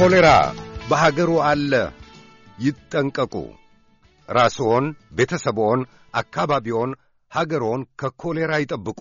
ኮሌራ በሀገሩ አለ፣ ይጠንቀቁ። ራስዎን፣ ቤተሰብዎን፣ አካባቢዎን፣ ሀገሮን ከኮሌራ ይጠብቁ።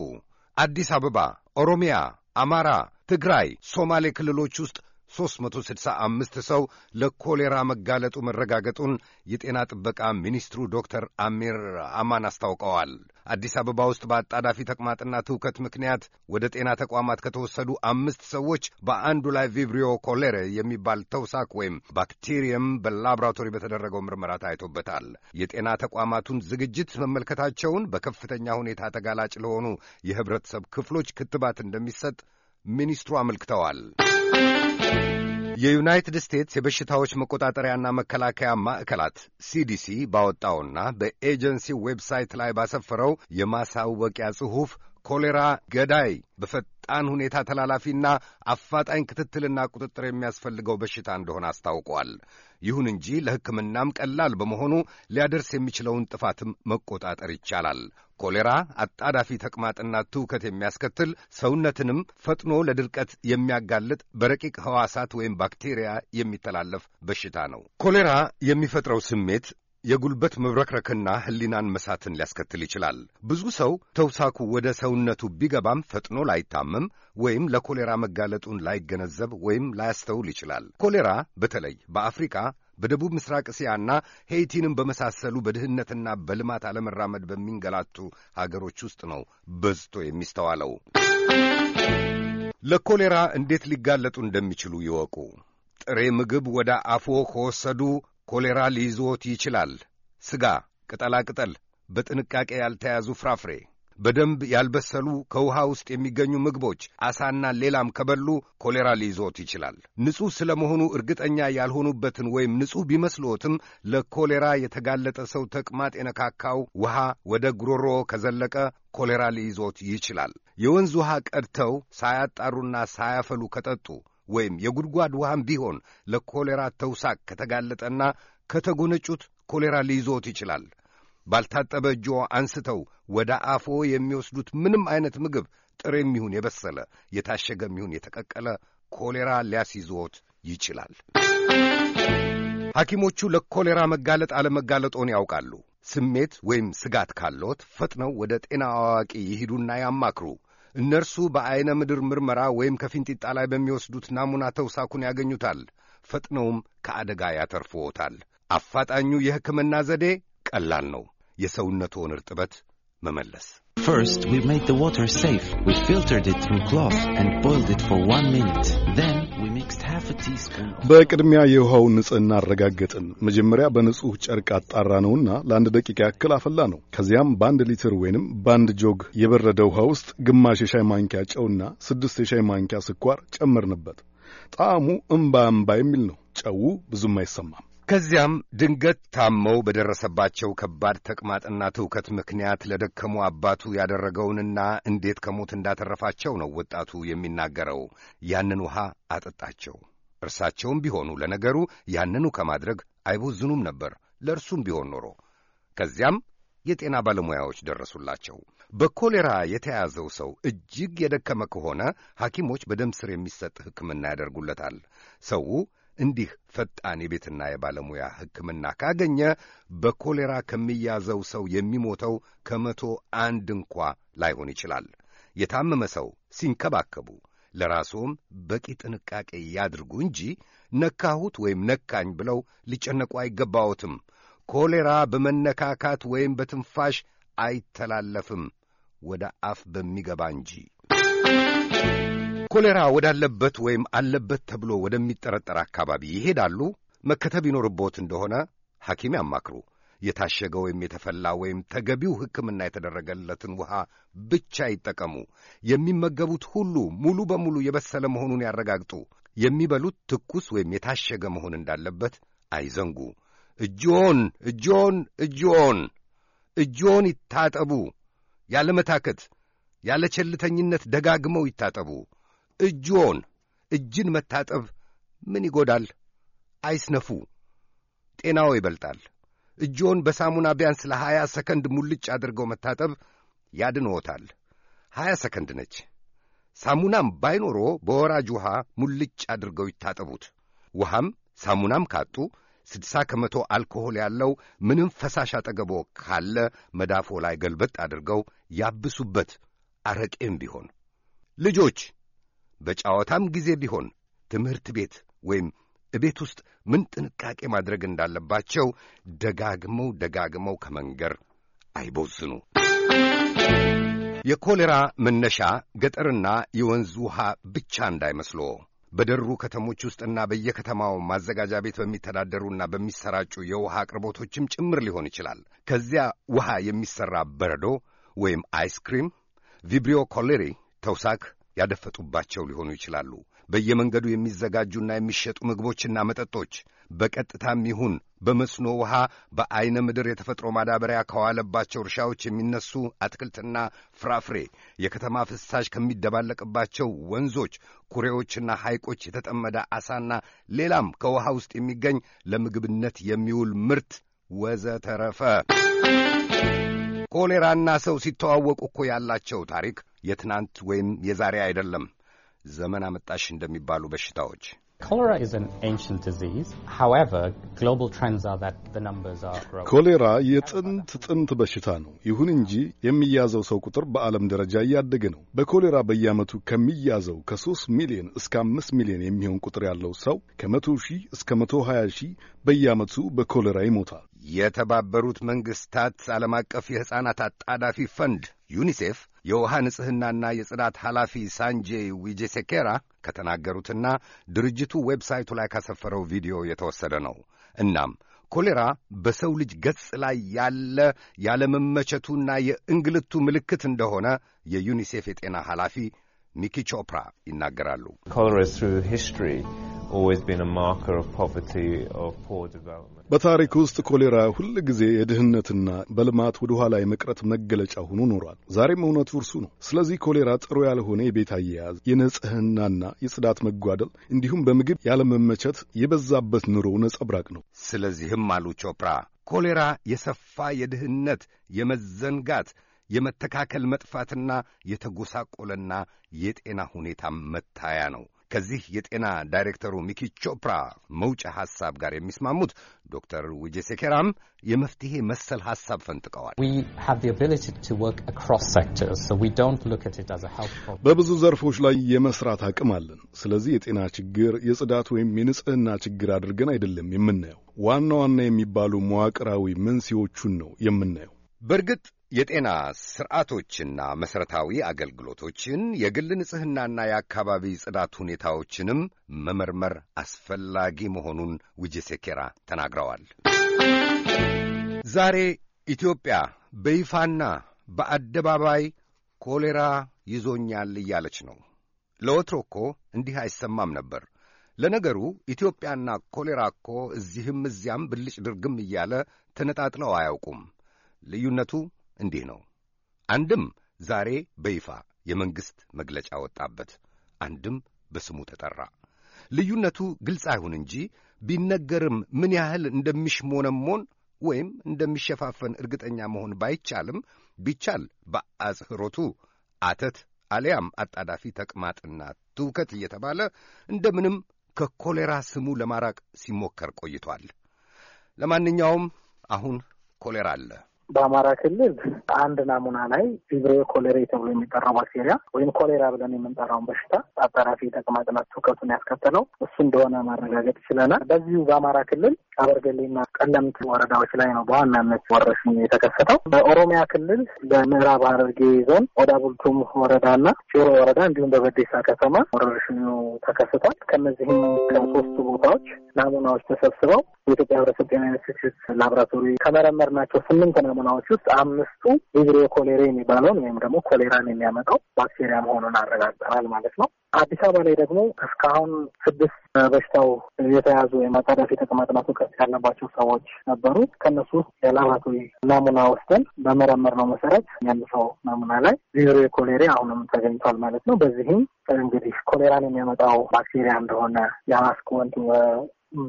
አዲስ አበባ፣ ኦሮሚያ፣ አማራ፣ ትግራይ፣ ሶማሌ ክልሎች ውስጥ 365 ሰው ለኮሌራ መጋለጡ መረጋገጡን የጤና ጥበቃ ሚኒስትሩ ዶክተር አሚር አማን አስታውቀዋል። አዲስ አበባ ውስጥ በአጣዳፊ ተቅማጥና ትውከት ምክንያት ወደ ጤና ተቋማት ከተወሰዱ አምስት ሰዎች በአንዱ ላይ ቪብሪዮ ኮሌሬ የሚባል ተውሳክ ወይም ባክቴሪየም በላብራቶሪ በተደረገው ምርመራ ታይቶበታል። የጤና ተቋማቱን ዝግጅት መመልከታቸውን፣ በከፍተኛ ሁኔታ ተጋላጭ ለሆኑ የህብረተሰብ ክፍሎች ክትባት እንደሚሰጥ ሚኒስትሩ አመልክተዋል። የዩናይትድ ስቴትስ የበሽታዎች መቆጣጠሪያና መከላከያ ማዕከላት ሲዲሲ ባወጣውና በኤጀንሲ ዌብሳይት ላይ ባሰፈረው የማሳወቂያ ጽሑፍ ኮሌራ ገዳይ በፈጣን ሁኔታ ተላላፊና አፋጣኝ ክትትልና ቁጥጥር የሚያስፈልገው በሽታ እንደሆነ አስታውቀዋል። ይሁን እንጂ ለሕክምናም ቀላል በመሆኑ ሊያደርስ የሚችለውን ጥፋትም መቆጣጠር ይቻላል። ኮሌራ አጣዳፊ ተቅማጥና ትውከት የሚያስከትል ሰውነትንም ፈጥኖ ለድርቀት የሚያጋልጥ በረቂቅ ሕዋሳት ወይም ባክቴሪያ የሚተላለፍ በሽታ ነው። ኮሌራ የሚፈጥረው ስሜት የጉልበት መብረክረክና ሕሊናን መሳትን ሊያስከትል ይችላል። ብዙ ሰው ተውሳኩ ወደ ሰውነቱ ቢገባም ፈጥኖ ላይታመም ወይም ለኮሌራ መጋለጡን ላይገነዘብ ወይም ላያስተውል ይችላል። ኮሌራ በተለይ በአፍሪካ በደቡብ ምስራቅ እስያና ሄይቲንም በመሳሰሉ በድህነትና በልማት አለመራመድ በሚንገላቱ ሀገሮች ውስጥ ነው በዝቶ የሚስተዋለው። ለኮሌራ እንዴት ሊጋለጡ እንደሚችሉ ይወቁ። ጥሬ ምግብ ወደ አፎ ከወሰዱ ኮሌራ ሊይዝዎት ይችላል። ሥጋ፣ ቅጠላቅጠል፣ በጥንቃቄ ያልተያዙ ፍራፍሬ፣ በደንብ ያልበሰሉ ከውሃ ውስጥ የሚገኙ ምግቦች፣ አሳና ሌላም ከበሉ ኮሌራ ሊይዝዎት ይችላል። ንጹሕ ስለ መሆኑ እርግጠኛ ያልሆኑበትን ወይም ንጹሕ ቢመስልዎትም ለኮሌራ የተጋለጠ ሰው ተቅማጥ የነካካው ውሃ ወደ ጉሮሮ ከዘለቀ ኮሌራ ሊይዞት ይችላል። የወንዝ ውሃ ቀድተው ሳያጣሩና ሳያፈሉ ከጠጡ ወይም የጉድጓድ ውሃም ቢሆን ለኮሌራ ተውሳክ ከተጋለጠና ከተጎነጩት ኮሌራ ሊይዞት ይችላል። ባልታጠበ እጆ አንስተው ወደ አፎ የሚወስዱት ምንም አይነት ምግብ ጥሬም ይሁን የበሰለ የታሸገም ይሁን የተቀቀለ ኮሌራ ሊያስይዞት ይችላል። ሐኪሞቹ ለኮሌራ መጋለጥ አለመጋለጦን ያውቃሉ። ስሜት ወይም ስጋት ካለዎት ፈጥነው ወደ ጤና አዋቂ ይሂዱና ያማክሩ። እነርሱ በዐይነ ምድር ምርመራ ወይም ከፊንጢጣ ላይ በሚወስዱት ናሙና ተውሳኩን ያገኙታል። ፈጥነውም ከአደጋ ያተርፍዎታል። አፋጣኙ የሕክምና ዘዴ ቀላል ነው። የሰውነትዎን እርጥበት መመለስ First, we made the water safe. We filtered it through cloth and boiled it for one minute. Then, we mixed half a teaspoon. በቅድሚያ የውሃውን ንጽህና አረጋገጥን። መጀመሪያ በንጹህ ጨርቅ አጣራ ነውና ለአንድ ደቂቃ ያክል አፈላ ነው። ከዚያም በአንድ ሊትር ወይንም በአንድ ጆግ የበረደ ውሃ ውስጥ ግማሽ የሻይ ማንኪያ ጨውና ስድስት የሻይ ማንኪያ ስኳር ጨመርንበት። ጣዕሙ እምባ እምባ የሚል ነው። ጨው ብዙም አይሰማም። ከዚያም ድንገት ታመው በደረሰባቸው ከባድ ተቅማጥና ትውከት ምክንያት ለደከሙ አባቱ ያደረገውንና እንዴት ከሞት እንዳተረፋቸው ነው ወጣቱ የሚናገረው። ያንን ውሃ አጠጣቸው። እርሳቸውም ቢሆኑ ለነገሩ ያንኑ ከማድረግ አይቦዝኑም ነበር፣ ለእርሱም ቢሆን ኖሮ። ከዚያም የጤና ባለሙያዎች ደረሱላቸው። በኮሌራ የተያዘው ሰው እጅግ የደከመ ከሆነ ሐኪሞች በደም ስር የሚሰጥ ሕክምና ያደርጉለታል። ሰው እንዲህ ፈጣን የቤትና የባለሙያ ሕክምና ካገኘ በኮሌራ ከሚያዘው ሰው የሚሞተው ከመቶ አንድ እንኳ ላይሆን ይችላል። የታመመ ሰው ሲንከባከቡ ለራስዎም በቂ ጥንቃቄ ያድርጉ እንጂ ነካሁት ወይም ነካኝ ብለው ሊጨነቁ አይገባዎትም። ኮሌራ በመነካካት ወይም በትንፋሽ አይተላለፍም፣ ወደ አፍ በሚገባ እንጂ ኮሌራ ወዳለበት ወይም አለበት ተብሎ ወደሚጠረጠር አካባቢ ይሄዳሉ። መከተብ ይኖርቦት እንደሆነ ሐኪም ያማክሩ። የታሸገ ወይም የተፈላ ወይም ተገቢው ሕክምና የተደረገለትን ውሃ ብቻ ይጠቀሙ። የሚመገቡት ሁሉ ሙሉ በሙሉ የበሰለ መሆኑን ያረጋግጡ። የሚበሉት ትኩስ ወይም የታሸገ መሆን እንዳለበት አይዘንጉ። እጆን እጆን እጆን እጆን ይታጠቡ። ያለ መታከት፣ ያለ ቸልተኝነት ደጋግመው ይታጠቡ። እጅዎን እጅን መታጠብ ምን ይጎዳል? አይስነፉ፣ ጤናዎ ይበልጣል። እጅዎን በሳሙና ቢያንስ ለሀያ ሰከንድ ሙልጭ አድርገው መታጠብ ያድንዎታል። ሀያ ሰከንድ ነች። ሳሙናም ባይኖሮ በወራጅ ውሃ ሙልጭ አድርገው ይታጠቡት። ውሃም ሳሙናም ካጡ ስድሳ ከመቶ አልኮሆል ያለው ምንም ፈሳሽ አጠገቦ ካለ መዳፎ ላይ ገልበጥ አድርገው ያብሱበት፣ አረቄም ቢሆን ልጆች በጨዋታም ጊዜ ቢሆን ትምህርት ቤት ወይም እቤት ውስጥ ምን ጥንቃቄ ማድረግ እንዳለባቸው ደጋግመው ደጋግመው ከመንገር አይቦዝኑ። የኮሌራ መነሻ ገጠርና የወንዝ ውሃ ብቻ እንዳይመስሎ በደሩ ከተሞች ውስጥና በየከተማው ማዘጋጃ ቤት በሚተዳደሩና በሚሰራጩ የውሃ አቅርቦቶችም ጭምር ሊሆን ይችላል። ከዚያ ውሃ የሚሠራ በረዶ ወይም አይስክሪም፣ ቪብሪዮ ኮሌሪ ተውሳክ ያደፈጡባቸው ሊሆኑ ይችላሉ። በየመንገዱ የሚዘጋጁና የሚሸጡ ምግቦችና መጠጦች በቀጥታም ይሁን በመስኖ ውሃ በአይነ ምድር የተፈጥሮ ማዳበሪያ ከዋለባቸው እርሻዎች የሚነሱ አትክልትና ፍራፍሬ፣ የከተማ ፍሳሽ ከሚደባለቅባቸው ወንዞች፣ ኩሬዎችና ሐይቆች የተጠመደ ዓሣና ሌላም ከውሃ ውስጥ የሚገኝ ለምግብነት የሚውል ምርት ወዘተረፈ። ኮሌራና ሰው ሲተዋወቁ እኮ ያላቸው ታሪክ የትናንት ወይም የዛሬ አይደለም። ዘመን አመጣሽ እንደሚባሉ በሽታዎች ኮሌራ የጥንት ጥንት በሽታ ነው። ይሁን እንጂ የሚያዘው ሰው ቁጥር በዓለም ደረጃ እያደገ ነው። በኮሌራ በየዓመቱ ከሚያዘው ከ3 ሚሊዮን እስከ 5 ሚሊዮን የሚሆን ቁጥር ያለው ሰው ከ 10 ሺህ እስከ 120 ሺ በየዓመቱ በኮሌራ ይሞታል። የተባበሩት መንግሥታት ዓለም አቀፍ የሕፃናት አጣዳፊ ፈንድ ዩኒሴፍ የውሃ ንጽሕናና የጽዳት ኃላፊ ሳንጄ ዊጄሴኬራ ከተናገሩትና ድርጅቱ ዌብሳይቱ ላይ ካሰፈረው ቪዲዮ የተወሰደ ነው። እናም ኮሌራ በሰው ልጅ ገጽ ላይ ያለ ያለመመቸቱና የእንግልቱ ምልክት እንደሆነ የዩኒሴፍ የጤና ኃላፊ ሚኪ ቾፕራ ይናገራሉ። በታሪክ ውስጥ ኮሌራ ሁል ጊዜ የድህነትና በልማት ወደ ኋላ የመቅረት መገለጫ ሆኖ ኖሯል። ዛሬም እውነቱ እርሱ ነው። ስለዚህ ኮሌራ ጥሩ ያልሆነ የቤት አያያዝ፣ የንጽህናና የጽዳት መጓደል እንዲሁም በምግብ ያለመመቸት የበዛበት ኑሮ ነጸብራቅ ነው። ስለዚህም አሉ ቾፕራ ኮሌራ የሰፋ የድህነት የመዘንጋት የመተካከል መጥፋትና የተጎሳቆለና የጤና ሁኔታ መታያ ነው። ከዚህ የጤና ዳይሬክተሩ ሚኪ ቾፕራ መውጫ ሐሳብ ጋር የሚስማሙት ዶክተር ውጄ ሴኬራም የመፍትሄ መሰል ሐሳብ ፈንጥቀዋል። በብዙ ዘርፎች ላይ የመስራት አቅም አለን። ስለዚህ የጤና ችግር የጽዳት ወይም የንጽህና ችግር አድርገን አይደለም የምናየው። ዋና ዋና የሚባሉ መዋቅራዊ መንስኤዎቹን ነው የምናየው። በእርግጥ የጤና ስርዓቶችና መሠረታዊ አገልግሎቶችን የግል ንጽሕናና የአካባቢ ጽዳት ሁኔታዎችንም መመርመር አስፈላጊ መሆኑን ውጄ ሴኬራ ተናግረዋል። ዛሬ ኢትዮጵያ በይፋና በአደባባይ ኮሌራ ይዞኛል እያለች ነው። ለወትሮ እኮ እንዲህ አይሰማም ነበር። ለነገሩ ኢትዮጵያና ኮሌራ እኮ እዚህም እዚያም ብልጭ ድርግም እያለ ተነጣጥለው አያውቁም። ልዩነቱ እንዲህ ነው። አንድም ዛሬ በይፋ የመንግሥት መግለጫ ወጣበት፣ አንድም በስሙ ተጠራ። ልዩነቱ ግልጽ አይሁን እንጂ ቢነገርም ምን ያህል እንደሚሽሞነሞን ወይም እንደሚሸፋፈን እርግጠኛ መሆን ባይቻልም ቢቻል በአጽሕሮቱ አተት አሊያም አጣዳፊ ተቅማጥና ትውከት እየተባለ እንደምንም ከኮሌራ ስሙ ለማራቅ ሲሞከር ቆይቷል። ለማንኛውም አሁን ኮሌራ አለ። በአማራ ክልል አንድ ናሙና ላይ ቪብሪዮ ኮሌሬ ተብሎ የሚጠራው ባክቴሪያ ወይም ኮሌራ ብለን የምንጠራውን በሽታ አጣራፊ ተቅማጥና ትውከቱን ያስከተለው እሱ እንደሆነ ማረጋገጥ ችለናል። በዚሁ በአማራ ክልል አበርገሌና ቀለምት ወረዳዎች ላይ ነው በዋናነት ወረርሽኙ የተከሰተው። በኦሮሚያ ክልል በምዕራብ ሐረርጌ ዞን ኦዳ ቡልቱም ወረዳና ጭሮ ወረዳ እንዲሁም በበዴሳ ከተማ ወረርሽኙ ተከስቷል። ከነዚህም ከሶስቱ ቦታዎች ናሙናዎች ተሰብስበው የኢትዮጵያ ሕብረተሰብ ጤና ኢንስቲትዩት ላቦራቶሪ ናቸው ስምንት ነው ናሙናዎች ውስጥ አምስቱ ቪብሪዮ ኮሌሬ የሚባለውን ወይም ደግሞ ኮሌራን የሚያመጣው ባክቴሪያ መሆኑን አረጋግጠናል ማለት ነው። አዲስ አበባ ላይ ደግሞ እስካሁን ስድስት በሽታው የተያዙ ወይም አጣዳፊ ተቅማጥ ያለባቸው ሰዎች ነበሩ። ከእነሱ ውስጥ ናሙና ወስደን በመረመርነው መሰረት ያን ሰው ናሙና ላይ ቪብሪዮ ኮሌሬ አሁንም ተገኝቷል ማለት ነው። በዚህም እንግዲህ ኮሌራን የሚያመጣው ባክቴሪያ እንደሆነ የአስክወንት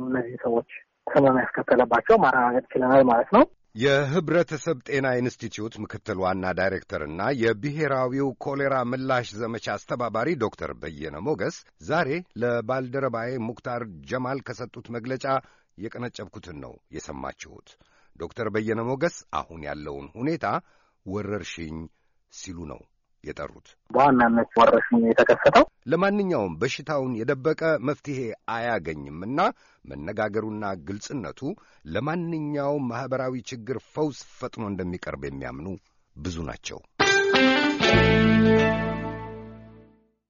እነዚህ ሰዎች ህመም ያስከተለባቸው ማረጋገጥ ችለናል ማለት ነው። የህብረተሰብ ጤና ኢንስቲትዩት ምክትል ዋና ዳይሬክተርና የብሔራዊው ኮሌራ ምላሽ ዘመቻ አስተባባሪ ዶክተር በየነ ሞገስ ዛሬ ለባልደረባዬ ሙክታር ጀማል ከሰጡት መግለጫ የቀነጨብኩትን ነው የሰማችሁት። ዶክተር በየነ ሞገስ አሁን ያለውን ሁኔታ ወረርሽኝ ሲሉ ነው የጠሩት። በዋናነት ወረርሽኙ የተከሰተው ለማንኛውም በሽታውን የደበቀ መፍትሄ አያገኝም እና መነጋገሩና ግልጽነቱ ለማንኛውም ማኅበራዊ ችግር ፈውስ ፈጥኖ እንደሚቀርብ የሚያምኑ ብዙ ናቸው።